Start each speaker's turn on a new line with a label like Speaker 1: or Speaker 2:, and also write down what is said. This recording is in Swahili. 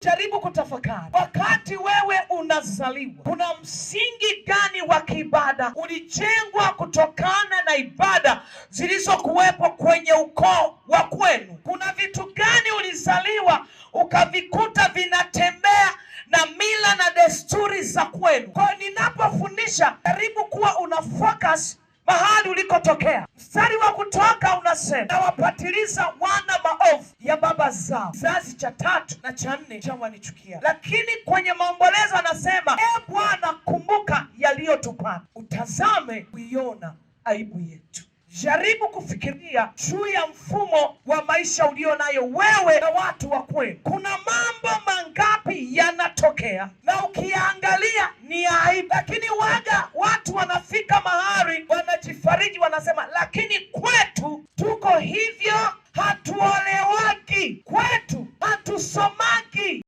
Speaker 1: Jaribu kutafakari, wakati wewe unazaliwa, kuna msingi gani wa kiibada ulijengwa kutokana na ibada zilizokuwepo kwenye ukoo wa kwenu? Kuna vitu gani ulizaliwa ukavikuta vinatembea na mila na desturi za kwenu? Kwa ninapofundisha, jaribu kuwa una focus mahali ulikotokea. Mstari wa Kutoka unasema nawapatiliza wana baba zao. Kizazi cha tatu na cha nne cha wanichukia, lakini kwenye maombolezo anasema e Bwana, kumbuka yaliyotupata, utazame kuiona aibu yetu. Jaribu kufikiria juu ya mfumo wa maisha ulio nayo wewe na watu wa kwenu. Kuna mambo mangapi yanatokea na ukiangalia ni aibu, lakini waga watu wanafika mahali wanajifariji, wanasema lakini kwetu tuko hivi samaki.